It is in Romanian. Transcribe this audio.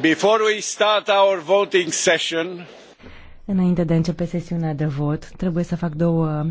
Before we start our voting session, Înainte de a începe sesiunea de vot, trebuie să fac două